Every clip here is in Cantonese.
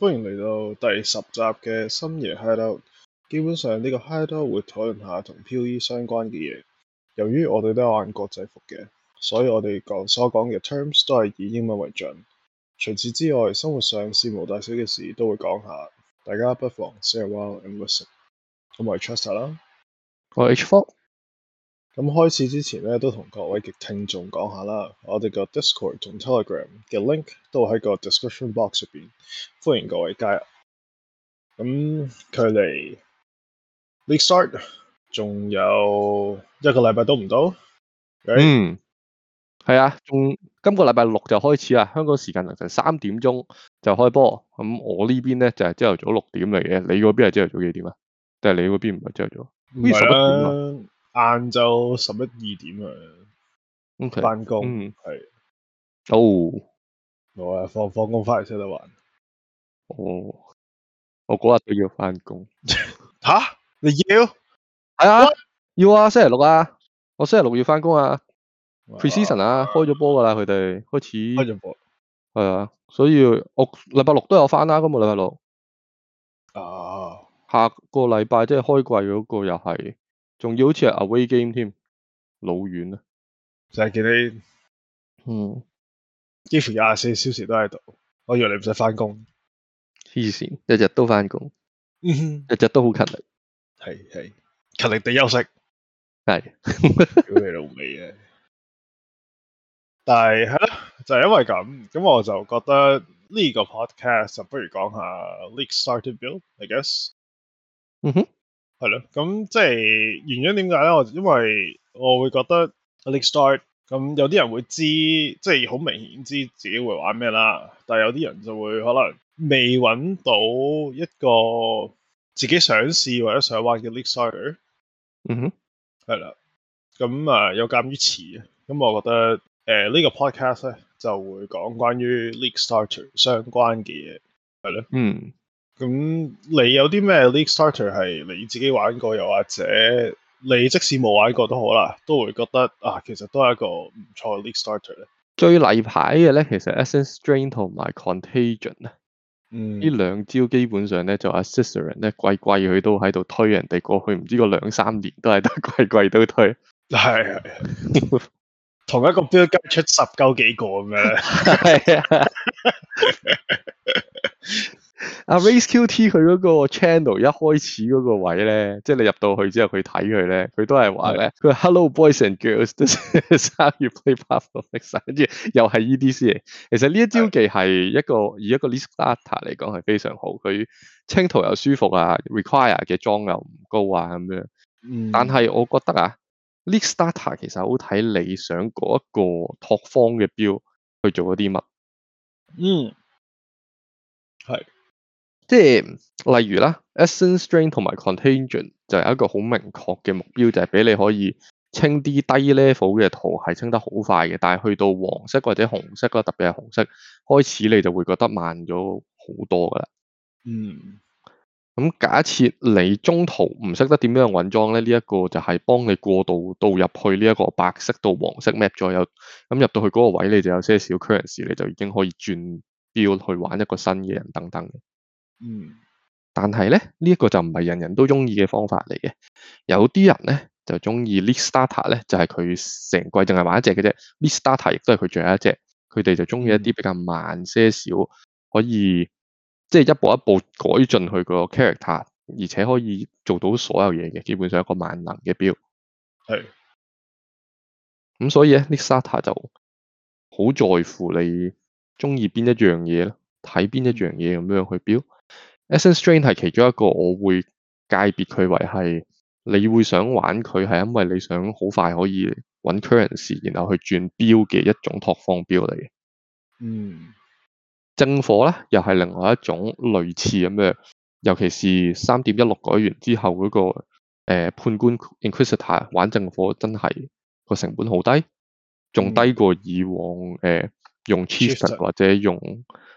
歡迎嚟到第十集嘅深夜 Hideout，基本上呢個 Hideout 會討論下同 PoE 相關嘅嘢。由於我哋都係玩國際服嘅，所以我哋講所講嘅 terms 都係以英文為準。除此之外，生活上事無大小嘅事都會講下，大家不妨 say a while and listen。咁我係 Tristan 啦，我係 H4。咁開始之前咧，都同各位嘅聽眾講下啦。我哋個 Discord 同 Telegram 嘅 link 都喺個 discussion box 入邊，歡迎各位加入。咁距離 league start 仲有一個禮拜都唔到。Okay? 嗯，係啊，仲今個禮拜六就開始啦。香港時間凌晨三點鐘就開波。咁我呢邊咧就係朝頭早六點嚟嘅。你嗰邊係朝頭早幾點啊？但係你嗰邊唔係朝頭早，唔係啊。晏晝十一二點啊，翻工係哦，我、嗯、啊、oh, 放放工翻嚟先得還，哦，我嗰日都要翻工吓，你要係啊，What? 要啊，星期六啊，我星期六要翻工啊,啊，Preseason 啊,啊，開咗波噶啦，佢哋開始開咗波，係啊，所以我禮拜六都有翻啦，今日禮拜六，哦、啊，下個禮拜即係開季嗰個又係。仲要好似係阿威 game 添，老遠啊。就係見你，嗯，幾乎廿四小時都喺度。我以為你唔使翻工，黐線，日日都翻工，日 日都好勤力，係係，勤力地休息，係，屌 你老味啊！但係係咯，就係、是、因為咁，咁我就覺得呢個 podcast 就不如講下 League started build, I guess，嗯哼。係咯，咁即係原因點解咧？我因為我會覺得 league starter 咁，有啲人會知，即係好明顯知自己會玩咩啦。但係有啲人就會可能未揾到一個自己想試或者想玩嘅 league starter。嗯、mm、哼 -hmm.，係啦，咁啊有鑒於此啊，咁我覺得誒呢、呃這個 podcast 咧就會講關於 league starter 相關嘅嘢。係咧，嗯、mm -hmm.。咁你有啲咩 League Starter 係你自己玩過又，又或者你即使冇玩過都好啦，都會覺得啊，其實都係一個唔錯 League Starter 呢？最例牌嘅咧，其實 Essence Drain 同埋 Contagion 咧、嗯，呢兩招基本上咧就阿 s i s t e r i n 咧，季季佢都喺度推人哋過去，唔知個兩三年都係得季季都推。係 同一個 Build 出十鳩幾個咁樣。 阿 Ray’sQT 佢嗰個 channel 一開始嗰個位咧，即係你入到去之後佢睇佢咧，佢都係話咧，佢話 Hello boys and girls，this is how you play Path of Exile 跟住又係 E D C。其實呢一招技係一個以一個 league starter 嚟講係非常好，佢清圖又舒服啊，require 嘅裝又唔高啊咁樣。但係我覺得啊，嗯，league starter 其實好睇你想嗰一個拓荒嘅標去做一啲乜。嗯，係。即係例如啦，Essence Drain 同埋 Contagion 就係一個好明確嘅目標，就係、是、俾你可以清啲低 level 嘅圖係清得好快嘅，但係去到黃色或者紅色嗰，特別係紅色開始，你就會覺得慢咗好多噶啦。嗯，咁假設你中途唔識得點樣揾裝咧，呢、這、一個就係幫你過渡到入去呢一個白色到黃色 map，左右。咁入到去嗰個位置你就有些小 currency 時，你就已經可以轉 build 去玩一個新嘅人等等。嗯，但係咧呢一、這個就唔係人人都中意嘅方法嚟嘅，有啲人咧就中意 League Starter 咧，就係佢成季淨係玩一隻嘅啫 League Starter 亦都係佢最後一隻，佢哋就中意一啲比較慢些少，可以即係、就是、一步一步改進佢個 character，而且可以做到所有嘢嘅，基本上一個萬能嘅表係，咁所以咧 League Starter 就好在乎你中意邊一樣嘢咧，睇邊一樣嘢咁樣去表。Essence Drain 係其中一個我會界別佢為係，你會想玩佢係因為你想好快可以揾 currency，然後去轉標嘅一種拓方標嚟嘅。嗯，正火呢又係另外一種類似咁嘅，尤其是三點一六改完之後嗰、嗰個、呃、判官 Inquisitor 玩正火真係個成本好低，仲低過以往、嗯呃、用 Chieftain 或者用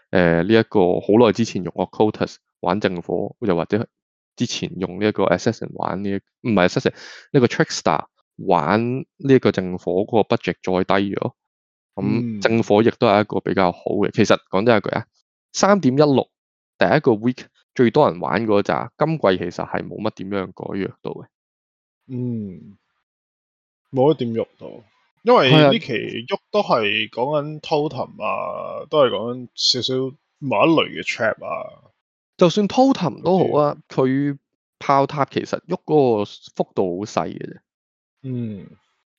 誒呢一個好耐之前用 Cotus。玩正火，又或者之前用呢一個 Assassin 玩呢、這個，唔係 Assassin 呢個 Trickster 玩呢一個正火嗰個 budget 再低咗，咁正火亦都係一個比較好嘅、嗯。其實講真一句啊，三點一六第一個 week 最多人玩嗰扎，今季其實係冇乜點樣改喐到嘅。嗯，冇一點喐到，因為呢期喐都係講緊 totem 啊，都係講緊少少某一類嘅 trap 啊。就算 totem 都好啊，佢、okay. 炮塔其實喐嗰個幅度好細嘅啫。嗯、mm.，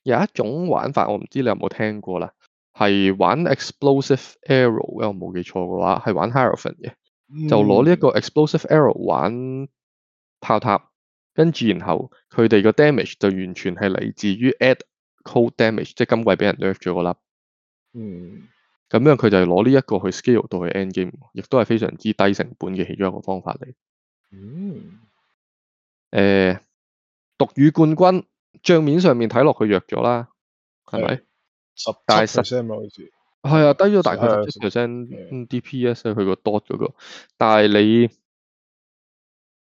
有一種玩法我唔知你有冇聽過啦，係玩 explosive arrow，我冇記錯嘅話，係玩 hierophant 嘅，mm. 就攞呢一個 explosive arrow 玩炮塔，跟住然後佢哋個 damage 就完全係嚟自於 add cold damage，即係今季俾人 nerf 咗個啦。嗯、mm.。咁樣佢就攞呢一個去 scale 到去 end game，亦都係非常之低成本嘅其中一個方法嚟。嗯，誒，毒雨冠軍賬面上面睇落去弱咗啦，係咪？十大十 percent 好似係啊，低咗大概十 percent。嗯、啊、，DPS 佢個 dot 嗰、那個，但係你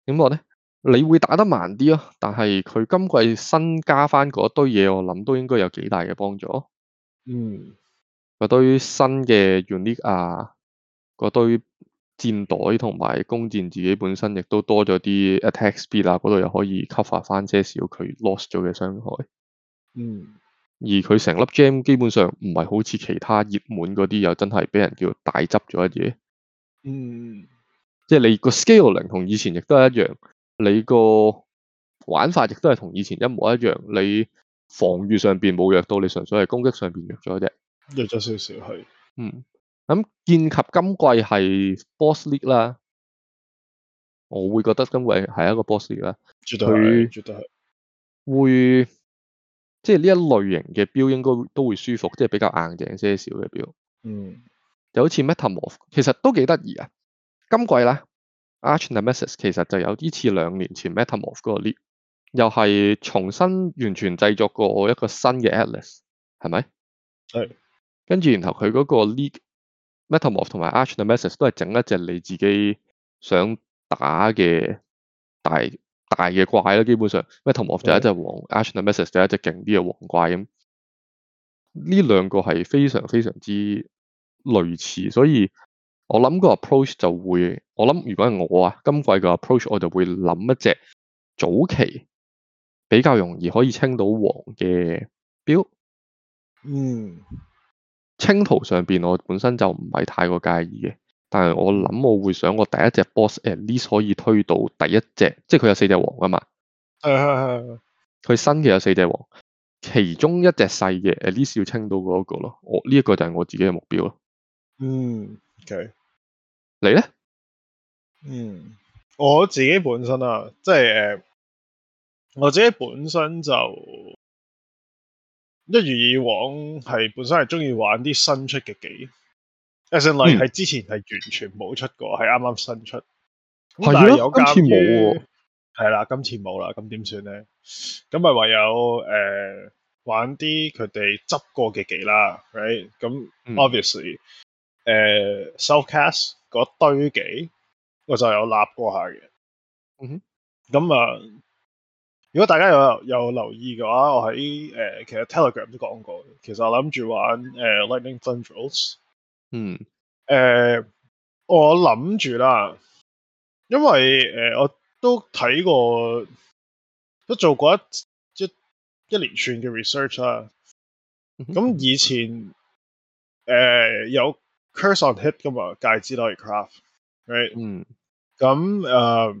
點講咧？你會打得慢啲咯、哦，但係佢今季新加翻嗰堆嘢，我諗都應該有幾大嘅幫助。嗯。嗰堆新嘅 unique 啊，個堆箭袋同埋弓箭自己本身亦都多咗啲 attack speed 啦、啊，嗰度又可以 cover 翻些少佢 lost 咗嘅傷害。嗯，而佢成粒 gem 基本上唔係好似其他熱門嗰啲，又真係俾人叫大執咗一嘢。嗯，即係你個 scaling 同以前亦都係一樣，你個玩法亦都係同以前一模一樣，你防禦上邊冇弱到，你純粹係攻擊上邊弱咗啫。弱咗少少係，嗯，咁見及今季係 boss league 啦，我會覺得今季係一個 boss league 啦，絕對係，絕對係，會即係呢一類型嘅表應該都會舒服，即係比較硬淨些少嘅表，嗯，就好似 Metamorph，其實都幾得意啊，今季咧 Archnemesis 其實就有啲似兩年前 Metamorph 嗰個 league，又係重新完全製作過一個新嘅 Atlas，係咪？係。跟住然後佢嗰個 League Metamorph 同埋 Archnemesis 都係整一隻你自己想打嘅大大嘅怪啦，基本上 Metamorph 就係一隻黃、okay，Archnemesis 就係一隻勁啲嘅黃怪咁。呢兩個係非常非常之類似，所以我諗個 approach 就會，我諗如果係我啊，今季嘅 approach 我就會諗一隻早期比較容易可以清到黃嘅標，嗯。清圖上邊，我本身就唔係太過介意嘅，但係我諗我會想，我第一隻 boss at least 可以推到第一隻，即係佢有四隻王啊嘛。係係係。佢新嘅有四隻王，其中一隻細嘅 at least 要清到嗰個咯。我呢一個就係我自己嘅目標咯。嗯，okay，你咧？嗯，我自己本身啊，即係誒，我自己本身就。一如以往，係本身係中意玩啲新出嘅幾 a s e n 係之前係完全冇出過，係啱啱新出。係啊是有，今次冇喎。係啦，今次冇、呃、啦，咁點算咧？咁咪唯有誒玩啲佢哋執過嘅幾啦 Right 咁 Obviously 誒、呃、selfcast 嗰堆幾我就有立過一下嘅。嗯哼，咁啊。如果大家有有留意嘅話，我喺、呃、其實 Telegram 都講過，其實我諗住玩、呃、Lightning Tendrils 嗯。呃、我諗住啦，因為、呃、我都睇過，都做過一一一,一連串嘅 research 啦。咁、嗯、以前、呃、有 Curse on Hit 㗎嘛，戒指類 Craft，right？嗯。咁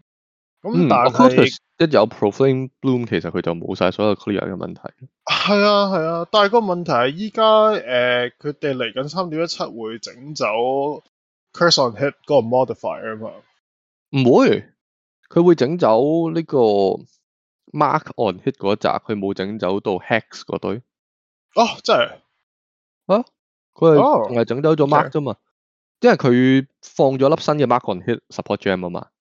咁但係、嗯、一有 profane bloom，其實佢就冇晒所有 clear 嘅問題。啊。係啊係啊，但係個問題係依家誒佢哋嚟緊三點一七會整走 curse on hit 嗰個 modifier 啊嘛。唔會，佢會整走呢個 mark on hit 嗰一集，佢冇整走到 hex 嗰堆。哦，真係啊！佢係整走咗 mark 啫，okay. 嘛，因為佢放咗粒新嘅 mark on hit support gem 啊嘛。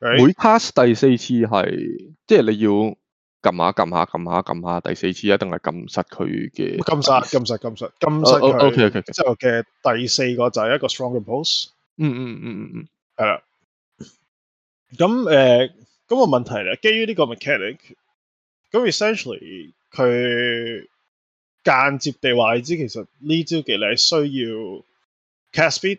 Right? 每 pass 第四次係，即係你要撳下撳下撳下撳下，第四次一定係撳實佢嘅。撳實撳實撳實撳實 OK OK OK。之後嘅、oh, okay, okay. 第四個就係一個 strong impulse 嗯嗯嗯嗯嗯，係啦。咁、呃、誒，咁、咁個問題咧，基於呢個 mechanic，咁 essentially 佢間接地話你知，其實呢招技能係需要 cast speed。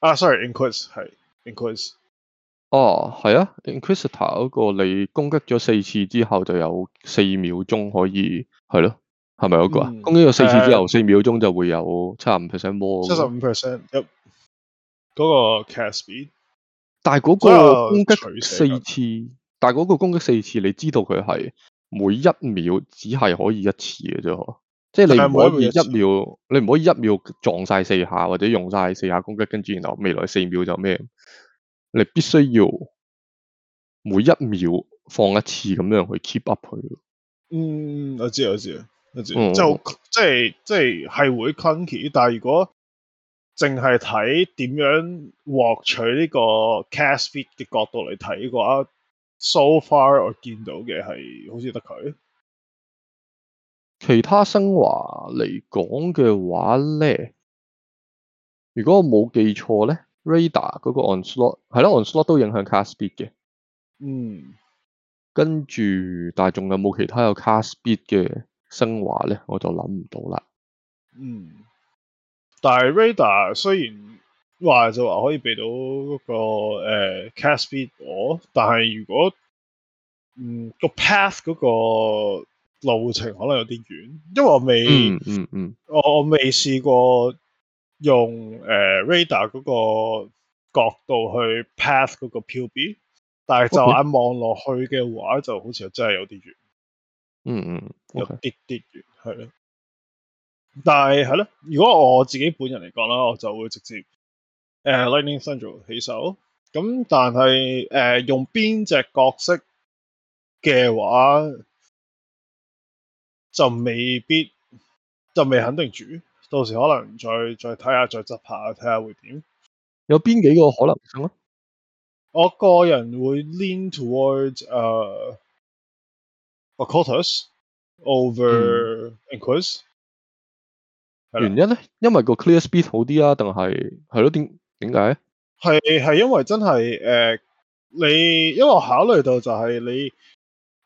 啊，sorry，inquest 係 inquest。哦，係啊 inquisitor 嗰個你攻擊咗四次之後就有四秒鐘可以係咯，係咪嗰個啊、mm -hmm.？攻擊咗四次之後，四、uh, 秒鐘就會有七十五 percent more。七十五 percent，嗰個 cast，、speed? 但係嗰個攻擊四次，so, uh, 但係嗰個攻擊四次，uh, 你知道佢係每一秒只係可以一次嘅啫呵。即係你唔可以一秒，一你唔可以一秒撞晒四下，或者用晒四下攻擊，跟住然後未來四秒就咩？你必須要每一秒放一次咁樣去 keep up 佢。嗯，我知我知，我知，我知、嗯。就即係即係係會 clunky，但係如果淨係睇點樣獲取呢個 cast speed 嘅角度嚟睇嘅話，so far 我見到嘅係好似得佢。其他升華嚟講嘅話咧，如果我冇記錯咧，Raider 嗰個 onslaught 係啦，onslaught 都影響 cast speed 嘅。嗯，跟住，但係仲有冇其他有 cast speed 嘅升華咧？我就諗唔到啦。嗯，但係 Raider 雖然話就話可以畀到嗰個誒 cast speed 我，但係如果嗯個 path 嗰、嗰個。路程可能有啲遠，因為我未，嗯嗯，嗯我我未試過用誒 radar 嗰個角度去 path 嗰個票 B，但係就眼望落去嘅話，就好似真係有啲遠，嗯嗯，有啲啲遠，係、嗯、咯、嗯。但係係咯，如果我自己本人嚟講啦，我就會直接誒、呃、Lightning Central 起手，咁但係誒、呃、用邊隻角色嘅話？就未必，就未肯定住。到時可能再再睇下，再執下，睇下會點。有邊幾個可能性咧？我個人會 lean towards 誒 Occultist over Inquisitor、嗯。原因咧，因為個 clear speed 好啲啊，定係係咯？點點解？係係因為真係誒，uh, 你因為我考慮到就係你。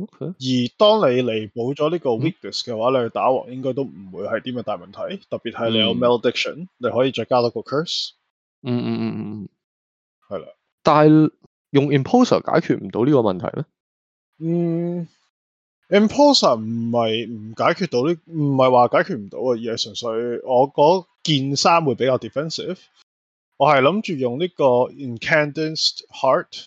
Okay. 而當你彌補咗呢個 weakness 嘅話、嗯，你去打王應該都唔會係啲咩大問題，特別係你有 malediction，、嗯、你可以再加多個 curse 嗯。嗯嗯嗯嗯，係、嗯、啦。但係用 imposer 解決唔到呢個問題咧？嗯，imposer 唔係唔解決到呢，唔係話解決唔到啊，而係純粹我嗰件衫會比較 defensive。我係諗住用呢個 Incandescent Heart。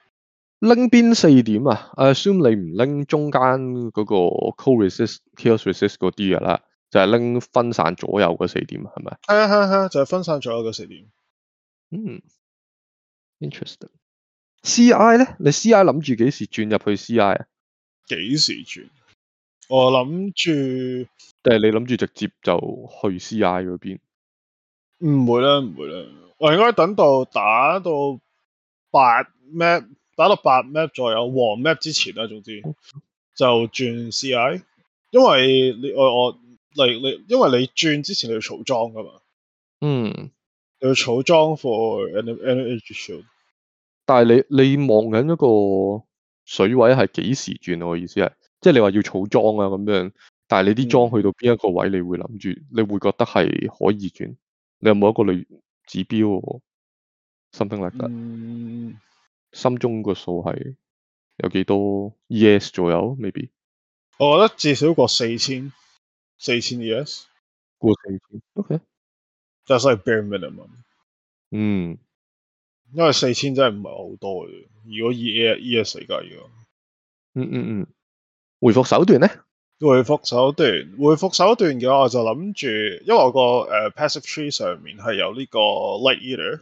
拎邊四點啊？誒，assume 你唔拎中間嗰個 core resist、kill resist 嗰啲嘅啦，就係、是、拎分散左右嗰四點，係咪？係啊係啊係啊，就係、是、分散左右嘅四點。嗯，interesting。CI 咧，你 CI 諗住幾時轉入去 CI 啊？幾時轉？我諗住，定係你諗住直接就去 CI 嗰邊？唔會啦，唔會啦。我應該等到打到八 map？打到八 map 再有黃 map 之前啦，總之就轉 CI，因為你我我嚟你，你因為你轉之前你要儲裝噶嘛，嗯，你要儲裝 for energy shield。但係你你望緊一個水位係幾時轉？我意思係，即係你話要儲裝啊咁樣，但係你啲裝去到邊一個位你會諗住，你會覺得係可以轉？你有冇一個類指標？something like that、嗯。心中個數係有幾多？ES 左右，maybe。我覺得至少過四千，四千 ES，過四千。OK，that's like bare minimum。嗯，因為四千真係唔係好多嘅，如果以 ES ES 計嘅。嗯嗯嗯，回復手段咧？回復手段，回復手段嘅話我就諗住，因為我個誒、uh, Passive Tree 上面係有呢個 Light Eater。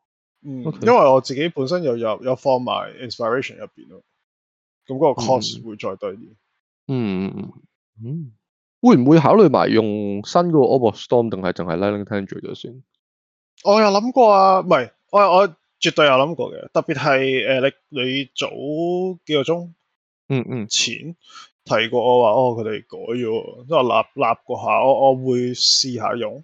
嗯，Okay. 因為我自己本身又有有放埋 inspiration 入邊咯，咁嗰個 cost 會再低啲。嗯嗯嗯，會唔會考慮埋用新個 Orb of Storms 定係淨係 Lightning Tendrils 咗先？我有諗過啊，唔係，我我，我絕對有諗過嘅，特別係誒你你早幾個鐘，嗯嗯，前提過我話哦，佢哋改咗，即係立立過下，我我會試下用。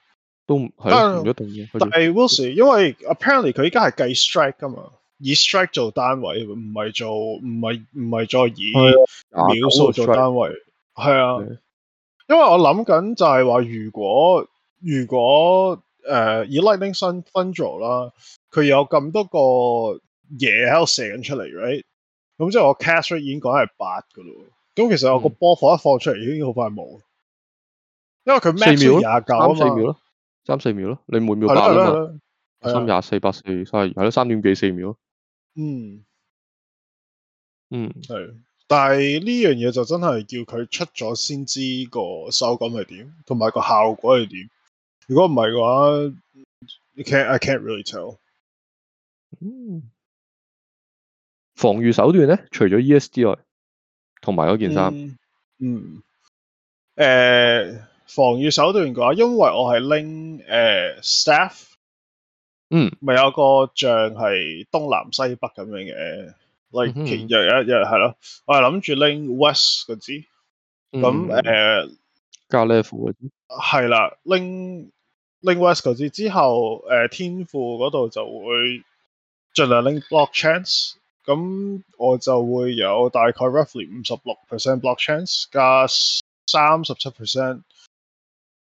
都係，但係 Wilson 因為 Apparently 佢依家係計 strike 噶嘛，以 strike 做單位，唔係做唔係唔係再以秒數做單位。係啊，因為我諗緊就係話，如果如果誒以 Lightning Sun 分分咗啦，佢有咁多個嘢喺度射緊出嚟，right？咁即係我 cast rate 已經講係八噶咯，咁其實我個波放一放出嚟已經好快冇，因為佢咩秒？廿九啊三四秒咯，你每秒百啊三廿四百四卅，係咯三點幾四秒咯。嗯，嗯，係。但係呢樣嘢就真係叫佢出咗先知個手感係點，同埋個效果係點。如果唔係嘅話，你 can't I can't really tell。嗯。防禦手段咧，除咗 ESD 外，同埋嗰件衫。嗯。嗯。誒、嗯。欸防禦手段嘅話，因為我係拎誒 staff，嗯，咪有個像係東南西北咁樣嘅，例如一一日係咯，我係諗住拎 west 嗰支咁誒加 level 嗰啲係啦，拎拎、嗯呃、west 嗰支之後，誒、呃、天賦嗰度就會盡量拎 block chance，咁我就會有大概 roughly 五十六 percent block chance 加三十七 percent。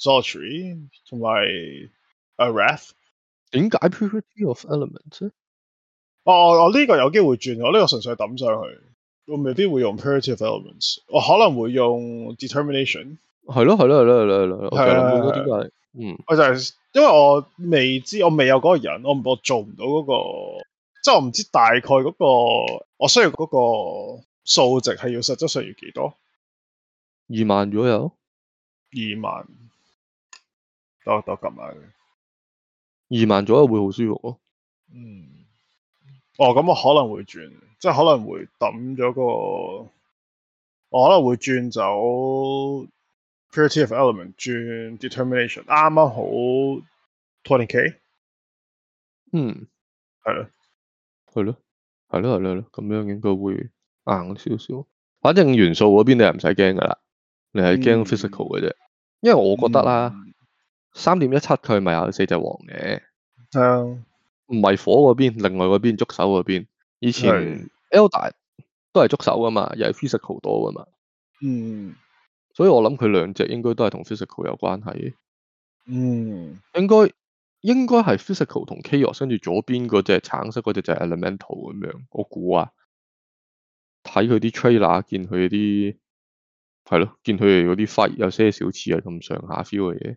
Sorcery 同埋 Wrath，點解 Purity of Elements？哦，我呢個有機會轉，我呢個純粹抌上去，我未必會用 Purity of Elements，我可能會用 Determination。係咯，係咯，係咯，係咯，係咯。係啊，點解？嗯，我就係、是、因為我未知，我未有嗰個人，我我做唔到嗰、那個，即、就、係、是、我唔知大概嗰、那個我需要嗰個數值係要實質上要幾多？二萬左右，二萬。得得咁樣，二萬左右會好舒服咯、啊嗯。哦，咁我可能會轉，即係可能會抌咗個，我可能會轉走 creative element，轉 determination，啱啱好 twenty k。20K? 嗯，係咯，係咯，係咯，係咯，咁樣應該會硬少少。反正元素嗰邊你係唔使驚噶啦，你係驚 physical 嘅啫，嗯。因為我覺得啦。嗯三點一七佢咪有四隻黃嘅，係啊，唔係火嗰邊，另外嗰邊觸手嗰邊，以前 Elder 都係觸手噶嘛，又係 physical 多噶嘛，嗯，所以我諗佢兩隻應該都係同 physical 有關係，嗯，應該應該係 physical 同 chaos 跟住左邊嗰隻橙色嗰隻就 elemental 咁樣，我估啊，睇佢啲 trailer，見佢啲係咯，見佢哋嗰啲 fight，有些少似係咁上下 feel 嘅嘢。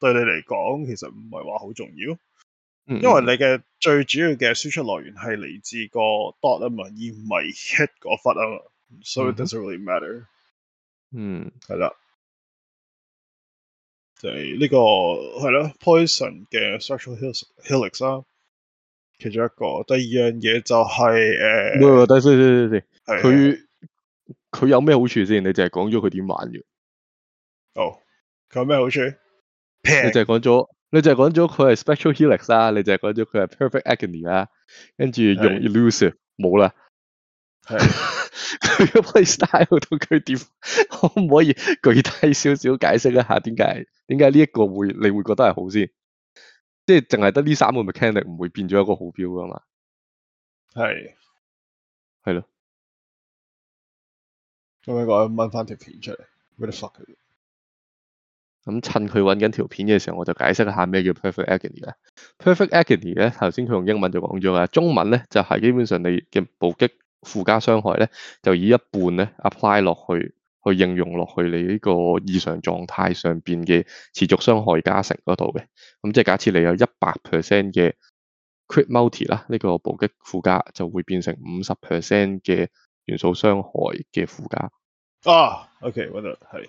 對你嚟講，其實唔係話好重要，因為你嘅最主要嘅輸出來源係嚟自個 dot 啊嘛，而唔係 hit 個法啊嘛，So it doesn’t really matter。嗯，係啦，就係、是、呢、這個係咯 poison 嘅 Spectral Helix 啊，其中一個。第二樣嘢就係、是、誒，唔、呃、係，唔係，第四，第佢佢有咩好處先？你淨係講咗佢點玩嘅？哦，佢有咩好處？你就係講咗，你就係講咗佢係 spectral helix 啦、啊，你就係講咗佢係 perfect agony 啦、啊，跟住用 elusive，冇啦。係。佢嘅 playstyle 到佢點，可 唔可以具體少少解釋一下點解？點解呢一個會你會覺得係好先？即係淨係得呢三個 mechanic 唔會變咗一個好標噶嘛？係。係咯。咁樣講，掹翻條片出嚟，俾你 fuck 佢。咁趁佢揾緊條片嘅時候，我就解釋一下咩叫 Perfect Agony 咧。Perfect Agony 咧，頭先佢用英文就講咗啦。中文咧就係、是、基本上你嘅暴擊附加傷害咧，就以一半咧 apply 落去，去應用落去你呢個異常狀態上邊嘅持續傷害加成嗰度嘅。咁即係假設你有一百 percent 嘅 crit multi 啦，呢個暴擊附加就會變成五十 percent 嘅元素傷害嘅附加。啊，OK，Wendell 係。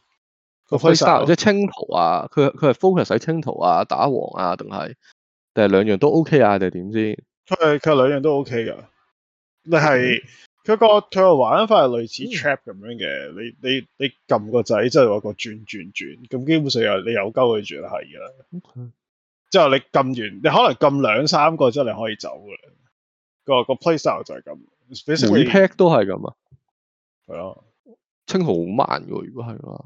個 playstyle 即係清圖啊，佢佢係 focus 喺清圖啊，打王啊，定係定係兩樣都 OK 啊，定係點先？佢佢兩樣都 OK 噶，你係佢、嗯佢個佢個玩法係類似 trap 咁樣嘅、嗯，你你你撳個仔即係話個轉轉轉，咁基本上又你有溝佢轉係噶，之、okay. 後你撳完，你可能撳兩三個之後你可以走噶啦，個個 playstyle 就係咁，成 pack 都係咁啊，係啊，清圖好慢噶，如果係啊。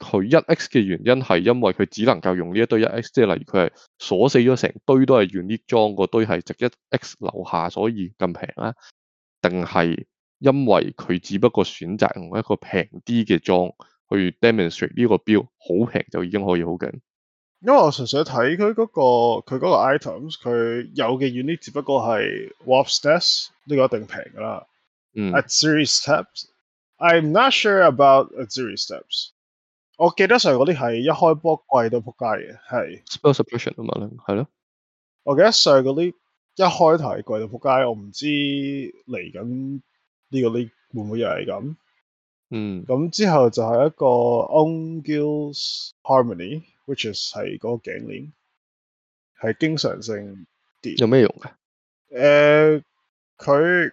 佢一 X 嘅原因係因為佢只能夠用呢一堆一 X，即係例如佢係鎖死咗成堆都係 unique 裝個堆，係值一 X 樓下，所以咁平啦？定係因為佢只不過選擇用一個平啲嘅裝去 demonstrate 呢個 build 好平就已經可以好勁。因為我純粹睇佢嗰個佢嗰個 items，佢有嘅 unique 只不過係 warps desk 呢個一定平啦。嗯，Atziri's Step，I'm not sure about Atziri's Step。我記得上嗰啲係一開波貴到撲街嘅，係 spell suppression 啊咯。我記得上嗰啲一開台貴到撲街，我唔知嚟緊呢個呢會唔會又係咁。嗯。咁之後就係一個 Ungil's Harmony，which is 係嗰個頸鏈，係經常性跌。有咩用嘅？誒、呃，佢。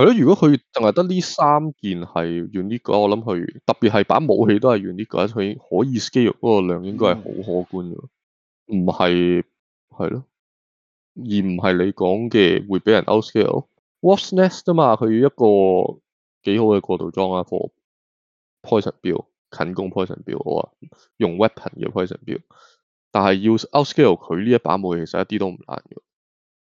係咯，如果佢淨係得呢三件係 unique 嘅話，我諗佢特別係把武器都係 unique 嘅話，佢可以 scale 嗰個量應該係好可觀嘅，唔係係咯，而唔係你講嘅會俾人 out scale。What's next 啊嘛？佢一個幾好嘅過渡裝啊 for poison build，近攻 poison build，我話用 weapon 嘅 poison build，但係要 out scale 佢呢一把武器，其實一啲都唔難嘅。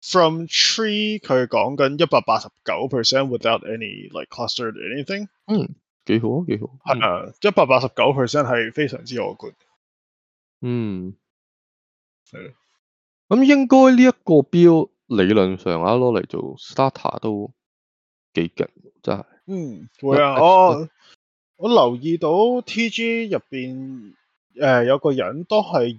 From tree，佢講緊一百八十九 percent，without any like clustered anything。嗯，幾好啊，幾好。係啊，一百八十九 percent 係非常之可觀。嗯，係。咁應該呢一個標理論上啊攞嚟做 starter 都幾勁，真係。嗯，會啊，我我留意到 TG 入邊誒有個人都係。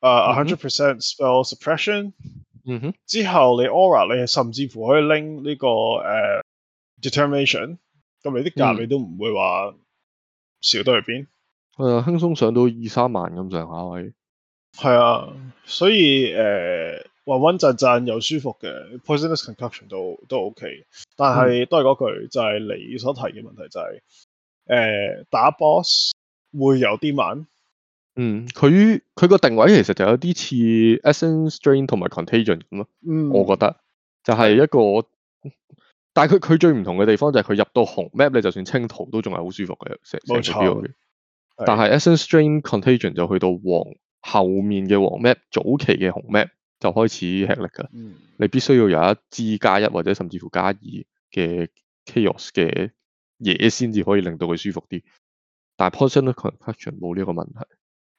誒，一百 percent spell suppression 之後，你 aura，你甚至乎可以拎呢個誒 determination，咁你啲價你都唔會話少得去邊？誒，輕鬆上到二三萬咁上下位。係啊，所以誒穩穩陣陣又舒服嘅 poisonous concussion 都都 ok，但係都係嗰句就係你所提嘅問題就係誒打 boss 會有啲慢。嗯，佢佢個定位其實就有啲似 Essence Drain 同埋 Contagion 咁咯、嗯。我覺得就係一個，但係佢佢最唔同嘅地方就係佢入到紅 map 你就算清圖都仲係好舒服嘅，成成條。冇錯。但係 Essence Drain Contagion 就去到黃後面嘅黃 map，早期嘅紅 map 就開始吃力噶、嗯。你必須要有一支加一或者甚至乎加二嘅 chaos 嘅嘢先至可以令到佢舒服啲。但係 Poison Concoction 冇呢個問題。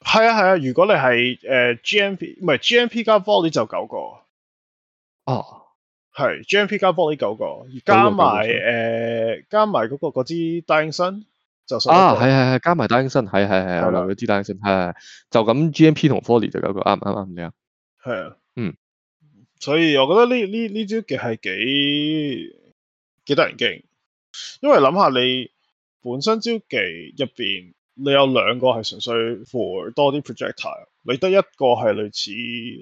係啊係啊，如果你係誒、呃、GMP 唔係 GMP 加 folly 就九個，哦、啊，係 GMP 加 folly 九個，而加埋誒、呃、加埋嗰個支 Dyson 就啊係係係加埋 Dyson 係係係，有兩支 Dyson 係就咁 GMP 同 folly 就九個，啱啱啱靚，係啊，啊，啊，啊，啊，啊，啊，啊，嗯，所以我覺得呢呢呢招嘅係幾幾得人驚，因為諗下你本身招技入邊，你有兩個係純粹 for 多啲 projectile，你得一個係類似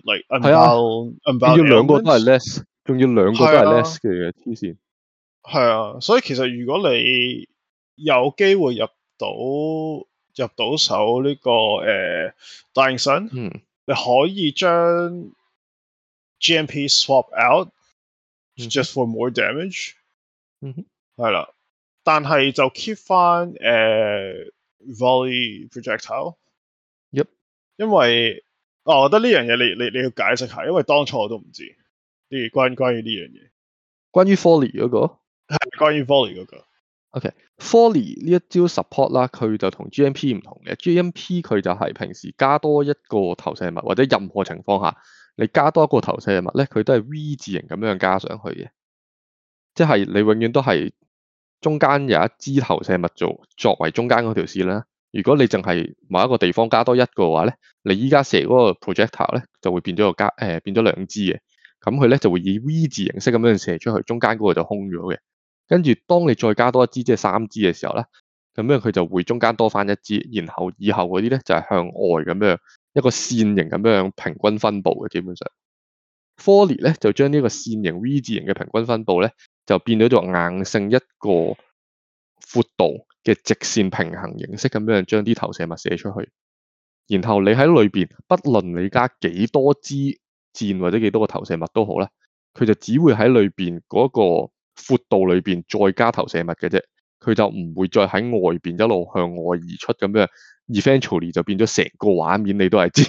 like，unbound 仲要兩個都係 less，仲要兩個都係 less 嘅黐線。係啊，啊，所以其實如果你有機會入到入到手呢、這個誒 Dying，呃、sun，嗯，你可以將 GMP swap out、嗯、just for more damage 嗯。嗯啦、啊，但係就 keep 翻誒、呃。Volley projectile，因、yep. 因為我、哦、我覺得呢樣嘢你你你要解釋下，因為當初我都唔知呢關關於呢樣嘢，關於 Volley 嗰個係關於 Volley 嗰個。 o、那個、K.、Okay. Volley 呢一招 support 啦，佢就 GMP 同 GMP 唔同嘅 GMP 佢就係平時加多一個投射物，或者任何情況下你加多一個投射物咧，佢都係 V 字形咁樣加上去嘅，即、就、係、是、你永遠都係。中間有一支投射物做作為中間嗰條線啦。如果你淨係某一個地方多加多一個嘅話咧，你依家射嗰個 projectile 咧就會變咗個加誒、呃、變咗兩支嘅。咁佢咧就會以 V 字形式咁樣射出去，中間嗰個就空咗嘅。跟住當你再加多一支即係三支嘅時候咧，咁樣佢就會中間多翻一支，然後以後嗰啲咧就係、是、向外咁樣一個線形咁樣平均分布嘅基本上。科列咧就將呢個線形 V 字形嘅平均分布咧。就變咗做硬性一個闊度嘅直線平衡形式咁樣，將啲投射物射出去。然後你喺裏邊，不論你加幾多支箭或者幾多個投射物都好啦，佢就只會喺裏邊嗰個闊度裏邊再加投射物嘅啫。佢就唔會再喺外邊一路向外而出咁樣。eventually 就變咗成個畫面你都係箭。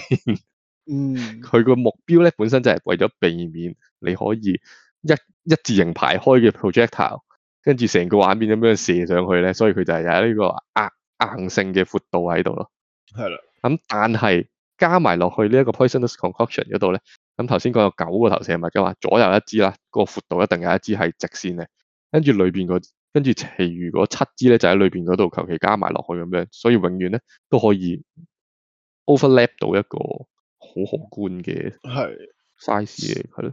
嗯。佢個目標咧，本身就係為咗避免你可以。一一字形排開嘅 projectile 跟住成個畫面咁樣射上去咧，所以佢就係有呢個硬硬性嘅闊度喺度咯。係啦，咁、嗯、但係加埋落去 poisonous concoction 呢一個 poisonous concoction 嗰度咧，咁頭先講有九個投射物噶嘛，左右一支啦，個闊度一定有一支係直線嘅，跟住裏邊個，跟住其餘嗰七支咧就喺裏邊嗰度求其加埋落去咁樣，所以永遠咧都可以 overlap 到一個好可觀嘅 size 嘅係咯。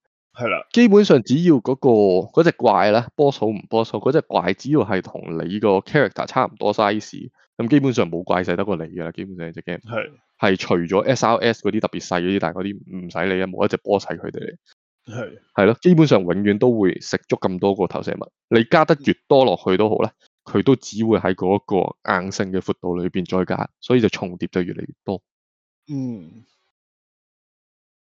係啦，基本上只要嗰、嗰個隻怪咧 boss 好唔 boss 好嗰隻怪只要係同你個 character 差唔多 size，咁基本上冇怪細得過你噶啦，基本上隻 game 係係除咗 SRS 嗰啲特別細嗰啲，但係嗰啲唔使理啊，冇一隻波細佢哋，係係咯，基本上永遠都會食足咁多個投射物，你加得越多落去都好啦，佢都只會喺嗰個硬性嘅闊度裏邊再加，所以就重疊就越嚟越多。嗯。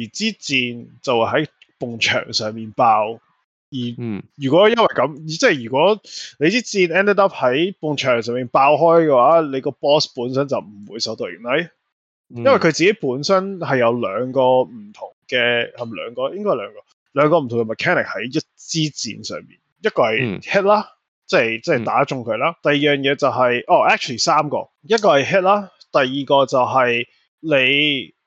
而支箭就喺埲牆上面爆，而如果因為咁，嗯，即係如果你支箭 ended up 喺埲牆上面爆開嘅話，你個 boss 本身就唔會受到影響，嗯，因為佢自己本身係有兩個唔同嘅，係兩個應該兩個兩個唔同嘅 mechanic 喺一支箭上面，一個係 hit 啦，嗯，即係即係打中佢啦，嗯。第二樣嘢就係、是，哦、oh，actually 三個，一個係 hit 啦，第二個就係你。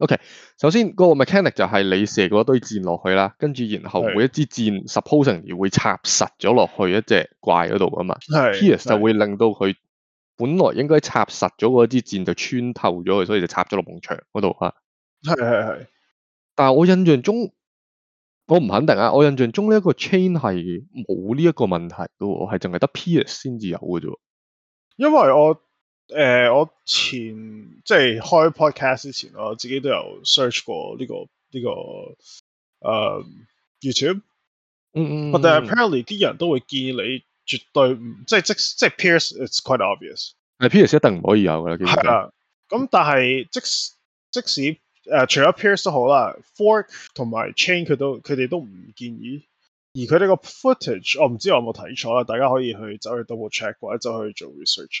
O.K. 首先，個 mechanic 就係你射嗰堆箭落去啦，跟住然後每一支箭 supposedly 會插實咗落去一隻怪嗰度啊嘛，Pierce 就會令到佢本來應該插實咗嗰支箭就穿透咗佢，所以就插咗落牆嗰度啊。係係係。但係我印象中，我唔肯定啊。我印象中呢一個 chain 係冇呢一個問題嘅，我係淨係得 Pierce 先至有嘅啫。因為我。誒，我前即係開 podcast 之前咯，我自己都有 search 過呢個呢個誒，YouTube，嗯嗯，但係 apparently 啲人都會建議你絕對唔即係即即係 Pierce，it's quite obvious。係 Pierce 一定唔可以有噶啦，係啦。咁但係即使即使誒，除咗 Pierce 都好啦，fork 同埋 chain 佢都佢哋都唔建議。而佢哋個 footage，我唔知我有冇睇錯啦，大家可以去走去 double check 或者走去做 research。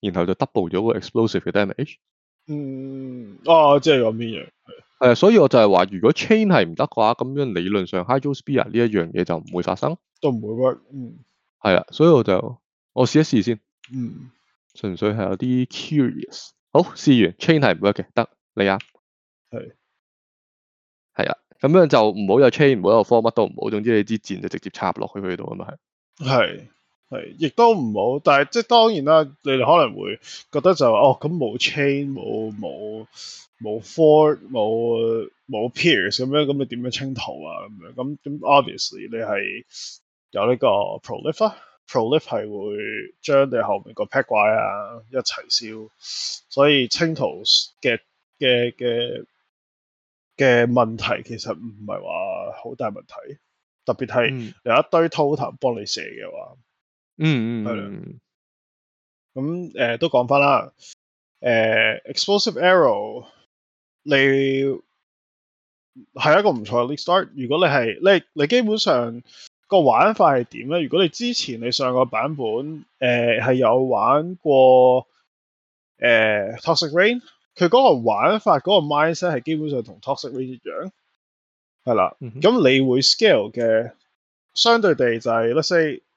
然後就 double 咗個 explosive 嘅 damage。嗯，啊，即係咁樣。係。誒，所以我就係話，如果 chain 係唔得嘅話，咁樣理論上 Hydrosphere 呢一樣嘢就唔會發生。都唔會 work 嗯。係啊，所以我就我試一試先。嗯。純粹係有啲 curious。好，試完 chain 係唔 work 嘅，得你啊。係。係啊，咁樣就唔好有 chain，唔好有 fork，乜都唔好。總之你支箭就直接插落去佢度，啊嘛係。係。係，亦都唔好，但係即係當然啦，你哋可能會覺得就是、哦咁冇 chain，冇冇冇 fork，冇冇 pierce 咁樣，咁你點樣清圖啊咁樣？咁咁 obviously 你係有呢個 prolifer，prolifer、啊 mm -hmm. 係會將你後面個 pack 怪啊一齊燒，所以清圖嘅嘅嘅嘅問題其實唔係話好大問題，特別係有一堆 totem 幫你射嘅話。Mm -hmm. 嗯嗯係啦，咁誒都講翻啦。誒，Explosive Arrow 你係一個唔錯嘅 league start。如果你係你你基本上個玩法係點咧？如果你之前你上個版本誒係、呃、有玩過誒、呃、Toxic Rain，佢嗰個玩法嗰，嗰個 mindset 係基本上同 Toxic Rain 一樣係啦。咁、mm -hmm. 你會 scale 嘅相對地就係 let's say。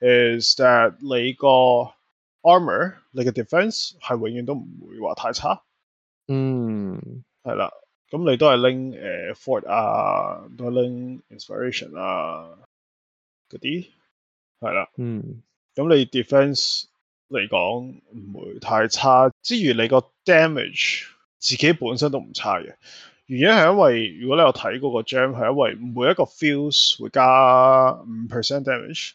is that 你個 armor 你個 defense 係永遠都唔會話太差，嗯係啦，咁你都係拎誒 fort 啊，都係拎 inspiration 啊嗰啲係啦，嗯咁、mm. 你 defense 嚟講唔會太差，之餘你個 damage 自己本身都唔差嘅，原因係因為如果你有睇過個 gem 係因為每一個 fields 會加五 percent damage。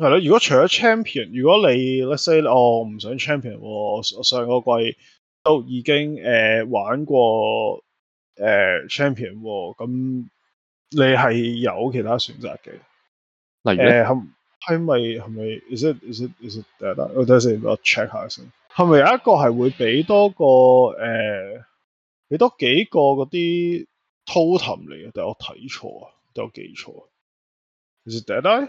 係咯，如果除咗 Champion，如果你 let's say 我、哦、唔想 Champion，我上個季都已經、呃、玩過、呃、Champion 喎、哦，咁你係有其他選擇嘅。例如咧，係咪係咪？Is it is it is it？等 that? 等、oh，我等下先，我 check 下先。係咪有一個係會俾多個誒，俾、呃、多幾個嗰啲 totem 嚟啊？定我睇錯啊？都有記錯啊？Is it？That?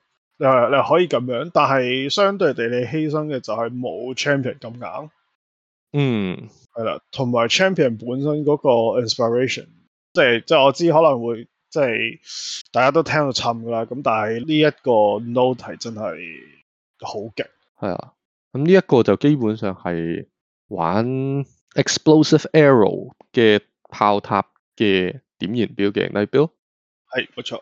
你可以咁樣，但係相對地，你犧牲嘅就係冇 champion 咁硬。嗯，係啦，同埋 champion 本身嗰個 inspiration，即係即係我知可能會即係大家都聽到沉噶啦，咁但係呢一個 note 係真係好勁。係啊，咁呢一個就基本上係玩 explosive arrow 嘅炮塔嘅點燃表嘅 light bill 係，冇錯。不錯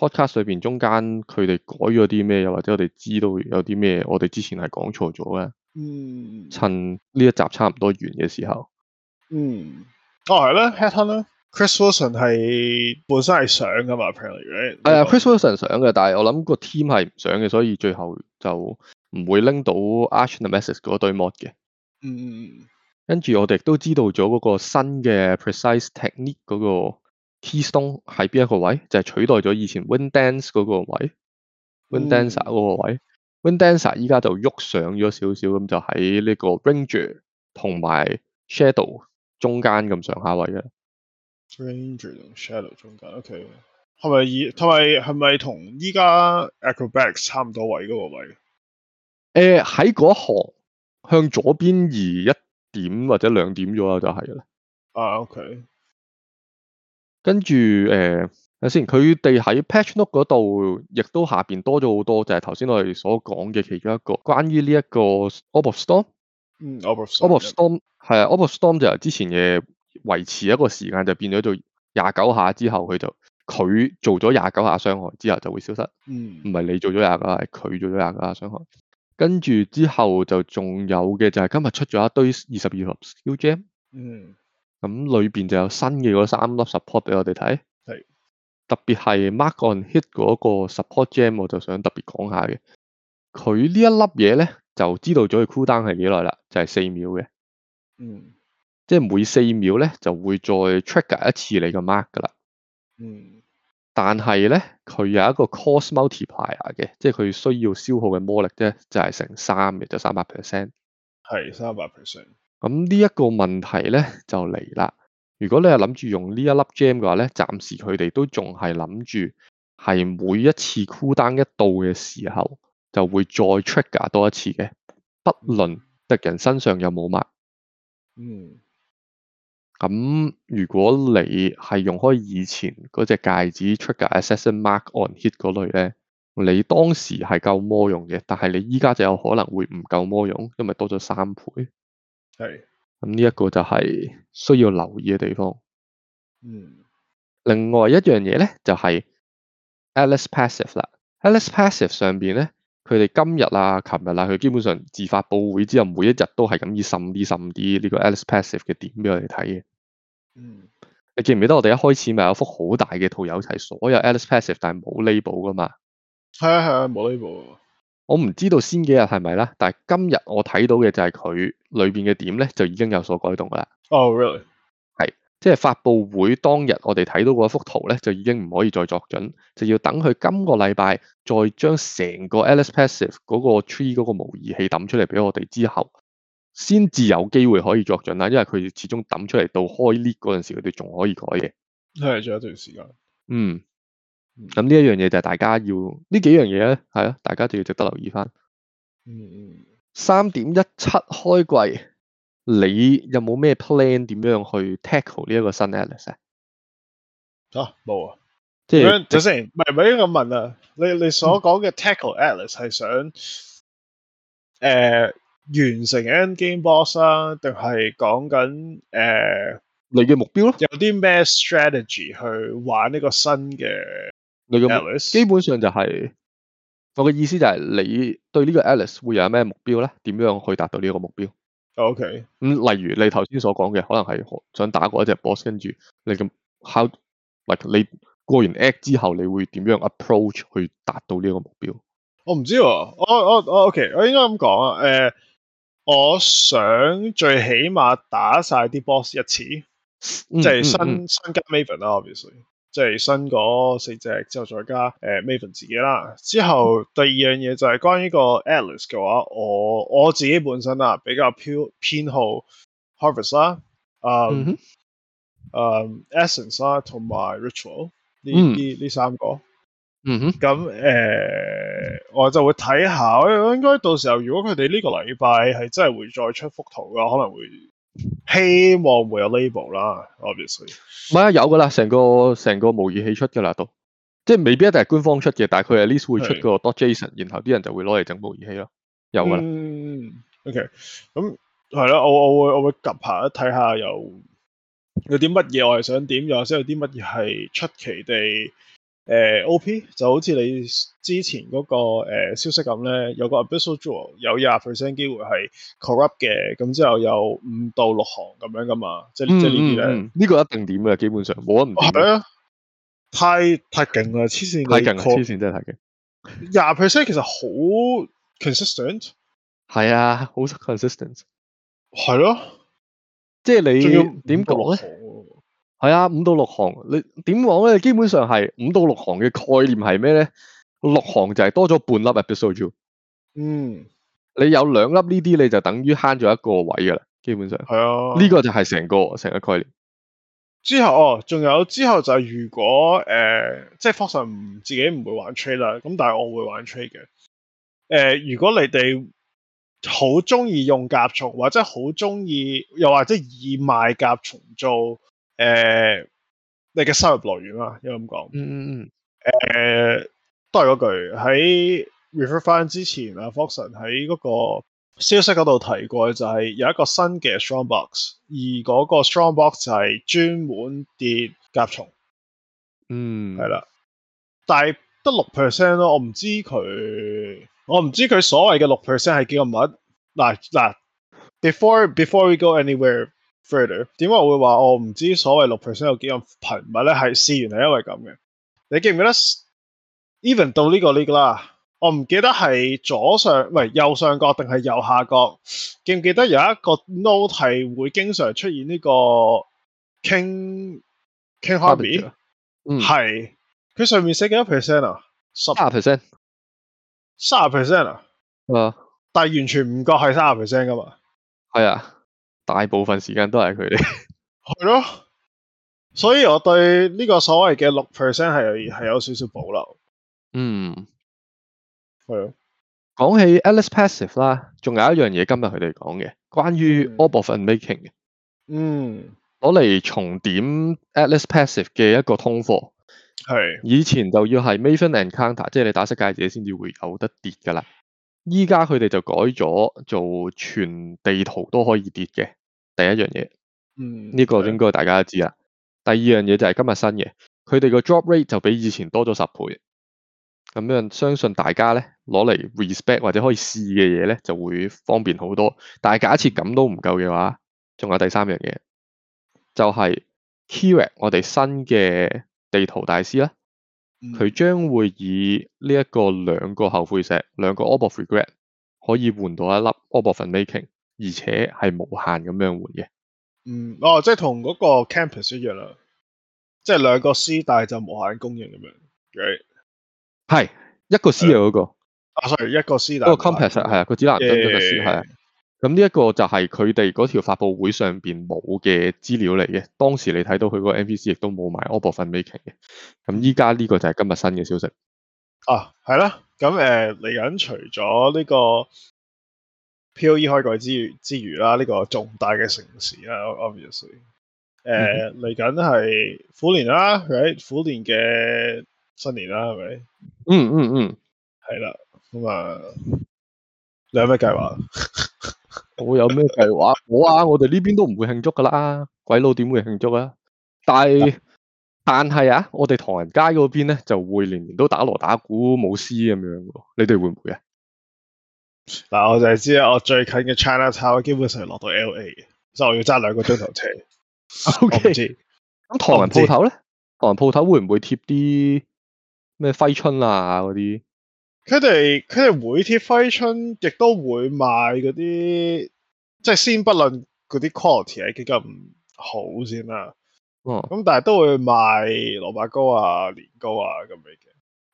Podcast 裏邊中間佢哋改咗啲咩？又或者我哋知道有啲咩？我哋之前係講錯咗嘅。嗯。趁呢一集差唔多完嘅時候。嗯。啊、哦、係咧 Headhunter，Chris Wilson 係本身係想噶嘛？Apparently、right? 啊。啊、這個、Chris Wilson 想嘅，但係我諗個 team 係唔想嘅，所以最後就唔會拎到 Archnemesis 嗰對 mod 嘅。嗯嗯嗯。跟住我哋都知道咗嗰個新嘅 Precise Technique 嗰、那個。Keystone 係邊一個位？就係、是、取代咗以前 Wind Dance 嗰個位 Wind Dance 嗰個位，Wind Dancer 依家就喐上咗少少，咁就喺呢個 Ranger 同埋 Shadow 中間咁上下位嘅。Ranger 同 Shadow 中間，O K，係咪移？係咪係咪同依家 Acrobatics 差唔多位嗰個位？誒、呃，喺嗰行向左邊移一點或者兩點左右就係啦。啊，O K。跟住誒，睇、呃、先，佢哋喺 Patch Note 嗰度，亦都下邊多咗好多，就係頭先我哋所講嘅其中一個，關於呢一個 Orb of Storms 嗯 Orb of Storms Orb of Storms 係啊 Orb of Storms 就之前嘅維持一個時間就變咗做廿九下之後，佢就佢做咗廿九下傷害之後就會消失。嗯。唔係你做咗廿九下，係佢做咗廿九下傷害。跟住之後就仲有嘅就係今日出咗一堆二十二級 Skill Gem。嗯。咁裏邊就有新嘅嗰三粒 support 俾我哋睇，係特別係 mark on hit 嗰個 support gem 我就想特別講下嘅，佢呢一粒嘢咧，就知道咗佢 cooldown 係幾耐啦，就係四秒嘅，嗯，即係每四秒咧就會再 check 一次你個 mark 噶啦，嗯，但係咧佢有一個 cost multiplier 嘅，即係佢需要消耗嘅魔力咧，就係成三，就三百 percent，係三百 percent。咁呢一個問題咧就嚟啦。如果你係諗住用一呢一粒 gem 嘅話咧，暫時佢哋都仲係諗住係每一次 c、cool、down 一到嘅時候就會再 trigger 多一次嘅，不論敵人身上有冇 mark。嗯。咁如果你係用開以前嗰隻戒指出嘅、mm. Assassin Mark on Hit 嗰類咧，你當時係夠魔用嘅，但係你依家就有可能會唔夠魔用，因為多咗三倍。係、嗯，咁呢一個就係需要留意嘅地方。嗯，另外一樣嘢咧就係、是、Alice Passive 啦。Alice Passive 上邊咧，佢哋今日啊、琴日啊，佢基本上自發布會之後，每一日都係咁以滲啲滲啲呢個 Alice Passive 嘅點俾我哋睇嘅。嗯，你記唔記得我哋一開始咪有幅好大嘅圖有齊所有 Alice Passive，但係冇 label 噶嘛，是的？係啊係，冇 label。我唔知道先幾日係咪啦，但係今日我睇到嘅就係佢裏邊嘅點咧，就已經有所改動噶啦。哦，oh, really？係，即係發布會當日我哋睇到嗰一幅圖咧，就已經唔可以再作準，就要等佢今個禮拜再將成個 Atlas Passive 嗰個 tree 嗰個模擬器抌出嚟俾我哋之後，先至有機會可以作準啦。因為佢始終抌出嚟到開 league 嗰陣時，佢哋仲可以改嘅，係仲有一段時間。嗯。咁呢一樣嘢就係大家要呢幾樣嘢咧，係、啊、大家就要值得留意翻。嗯，三點一七開季，你有冇咩 plan 點樣去 tackle 呢一個新 Atlas 啊？啊，冇、就、啊、是。即係，頭先唔係咪應該問啊？你你所講嘅 tackle Atlas 係想誒、嗯呃、完成 endgame boss 啊，定係講緊誒你嘅目標咯？有啲咩 strategy 去玩呢個新嘅？你嘅目標基本上就係，我嘅意思就係你對呢個 Alice 會有咩目標咧？點樣可以達到呢個目標？OK，咁例如你頭先所講嘅，可能係想打過一隻 boss，跟住你咁 How like 你過完 Act 之後，你會點樣 approach 去達到呢個目標？我唔知喎，我我我 OK，我應該咁講啊。誒，我想最起碼打晒啲 boss 一次，即係新，嗯嗯、新加 Maven 啦，Obviously。即、就、係、是、新嗰四隻，之後再加、呃、Maven 自己啦。之後第二樣嘢就係關於個 Atlas 嘅話，我我自己本身啊比較偏偏好 Harvest 啊、um, mm -hmm. um,，Essence 啊同埋 Ritual 呢呢、mm -hmm. 三個。咁、mm -hmm. 呃、我就會睇下，應該到時候如果佢哋呢個禮拜係真係會再出幅圖嘅可能會。希望會有 label 啦，obviously，唔係啊，有噶啦，成個成個模擬器出噶啦，都即係未必一定係官方出嘅，但係佢係 list 會出個 dot json，然後啲人就會攞嚟整模擬器咯，有噶啦、嗯。OK，咁係啦，我我,我會我會及下睇下有有啲乜嘢我係想點，又或者有啲乜嘢係出奇地。誒、呃、OP 就好似你之前嗰、那個、呃、消息咁咧，有個 Abyssal Jewel 有廿 percent 機會係 corrupt 嘅，咁之後有五到六行咁樣噶嘛，即係、嗯、即係呢啲咧。呢、嗯這個一定點嘅，基本上冇可能、哦。太太勁啦，黐線嘅，黐線真係太勁。廿 percent 其實好 consistent，係啊，好 consistent，係咯，即係、啊就是、你點講咧？係啊，五到六行，你點講咧？基本上係五到六行嘅概念係咩咧？六行就係多咗半粒 absolute 嗯，你有兩粒呢啲，你就等於慳咗一個位噶啦。基本上係啊，呢、這個就係成個成個概念。之後哦，仲有之後就係如果誒、呃，即係方神唔自己唔會玩 trade 啦，咁但係我會玩 trade 嘅。誒、呃，如果你哋好中意用甲蟲，或者好中意又或者以賣甲蟲做。誒、uh，你嘅收入來源啦，應該咁講。嗯嗯嗯。誒，都係嗰句喺 refine 之前啊，Foxon 喺嗰個消息嗰度提過，就係有一個新嘅 strongbox，而嗰個 strongbox 就係專門跌甲蟲。嗯。係啦，但係得六 percent 咯，我唔知佢，我唔知佢所謂嘅六 percent 係幾咁乜。嗱嗱，before before we go anywhere。點解我會話我唔知所謂六 percent 有幾咁頻密咧？係試完係因為咁嘅。你記唔記得？even 到呢個 league 啦，我唔記得係左上，唔係右上角定係右下角。記唔記得有一個 note 係會經常出現呢個 king king hobby？嗯是，係。佢上面寫幾多 percent 啊？卅 percent，卅 percent 啊。嗯、啊。但係完全唔覺係卅 percent 噶嘛？係啊。大部分時間都係佢哋，係咯，所以我對呢個所謂嘅六 percent 係係有少少保留。嗯，係啊。講起 Atlas Passive 啦，仲有一樣嘢今日佢哋講嘅，關於 Orb of Unmaking 嘅。嗯，攞嚟重點 Atlas Passive 嘅一個通貨，係、嗯、以前就要係 Maven Encounter，即係你打色界自先至會有得跌噶啦。依家佢哋就改咗做全地圖都可以跌嘅。第一樣嘢，呢、嗯，這個應該大家都知啦、嗯。第二樣嘢就係今日新嘅，佢哋個 drop rate 就比以前多咗十倍。咁樣相信大家咧攞嚟 respect 或者可以試嘅嘢咧就會方便好多。但係假設咁都唔夠嘅話，仲有第三樣嘢就係、是、Kirac，我哋新嘅地圖大師啦，佢、嗯、將會以呢一個兩個後悔石，兩個 Orb of Regret 可以換到一粒 Orb of Unmaking。而且係無限咁樣換嘅，嗯，哦，即係同嗰個 compass 一樣啦，即係兩個 C，但係就無限供應咁樣，係、right? 一個 C 有嗰、嗰個，啊 sorry 一個 C，但係 compass 係啊，個指南針 C 係啊，咁呢一個，c, yeah, yeah, yeah. 是的個就係佢哋嗰條發布會上邊冇嘅資料嚟嘅，當時你睇到佢個 NPC 亦都冇埋 o p e r a making 嘅，咁依家呢個就係今日新嘅消息，啊，係啦，咁你嚟緊除咗呢、呢個。P.O.E 開蓋之餘之餘啦、啊，呢、這個重大嘅盛事啦、啊、，obviously，誒嚟緊係虎年啦，係虎年嘅新年啦、啊，係咪？嗯嗯嗯，係啦，咁啊，你有咩計劃？ 我有咩計劃？ 我啊，我哋呢邊都唔會慶祝噶啦，鬼佬點會慶祝啊？但係 但係啊，我哋唐人街嗰邊咧就會年年都打鑼打鼓舞獅咁樣嘅喎，你哋會唔會啊？嗱，我就係知啊，我最近嘅 Chinatown 基本上落到 LA 嘅，所以我要揸兩個鐘頭車。O K，咁唐人鋪頭咧，唐人鋪頭會唔會貼啲咩揮春啊嗰啲？佢哋佢哋會貼揮春，亦都會賣嗰啲，即係先不論嗰啲 quality 係幾咁好先啦。咁、oh. 但係都會賣蘿蔔糕啊、年糕啊咁樣嘅。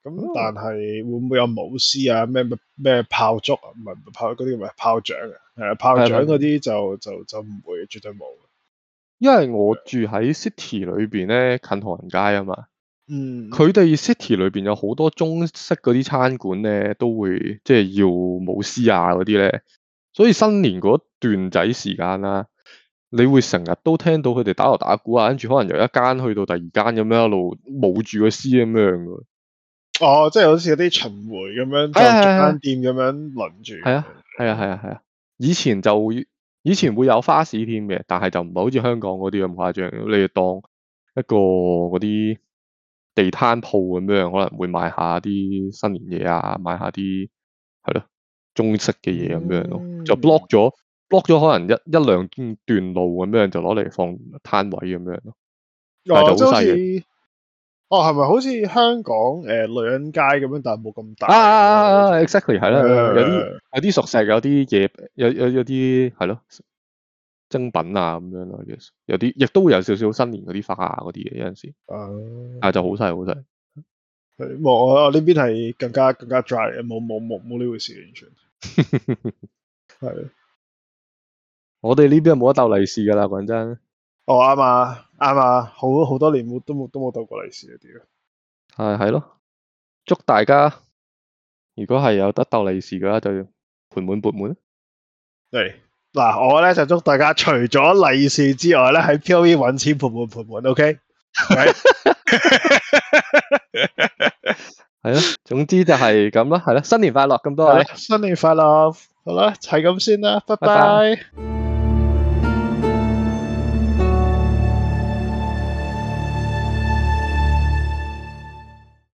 咁、嗯、但係會唔會有舞獅啊？咩咩炮竹炮炮啊？唔係炮嗰啲叫咩？炮仗啊？係啊，炮仗嗰啲就就就唔會，絕對冇。因為我住喺 city 裏邊咧，近唐人街啊嘛。嗯。佢哋 city 裏邊有好多中式嗰啲餐館咧，都會即係要舞獅啊嗰啲咧。所以新年嗰段仔時間啦、啊，你會成日都聽到佢哋打鑼打鼓啊，跟住可能由一間去到第二間咁樣一路舞住個獅咁樣㗎。哦，即係好似嗰啲巡迴咁樣，就逐、啊、間店咁樣輪住。係啊，係啊，係啊，係啊，啊。以前就以前會有花市添嘅，但係就唔係好似香港嗰啲咁誇張。你當一個嗰啲地攤鋪咁樣，可能會賣一下啲新年嘢啊，賣一下啲係咯中式嘅嘢咁樣咯、嗯。就 block 咗、嗯、block 咗可能一一兩段路咁樣，就攞嚟放攤位咁樣咯。哦，就，就好細嘅。哦，係咪好似香港誒女人、呃、街咁樣，但係冇咁大啊，啊，啊，啊？Exactly 係啦，啊，有啲有啲熟食，有啲嘢，有有有啲係咯，精品啊咁樣咯，有啲亦都會有少少新年嗰啲花啊嗰啲嘢，有陣時啊就好細好細。冇我呢邊係更加更加 dry，冇冇冇冇呢回事嘅情況。係 我哋呢邊冇得斗利是噶啦，講真。哦，啱啊係嘛，好好多年冇都冇都冇斗過利是啊！啲？係係咯，祝大家，如果係有得斗利是嘅話，就要盆滿缽滿。嚟嗱，我咧就祝大家除咗利是之外咧，喺 P O E 搵錢盆滿盆滿。O K，係啦，總之就係咁咯，係咯，新年快樂咁多位！新年快樂，好啦，係咁先啦，拜拜。Bye bye。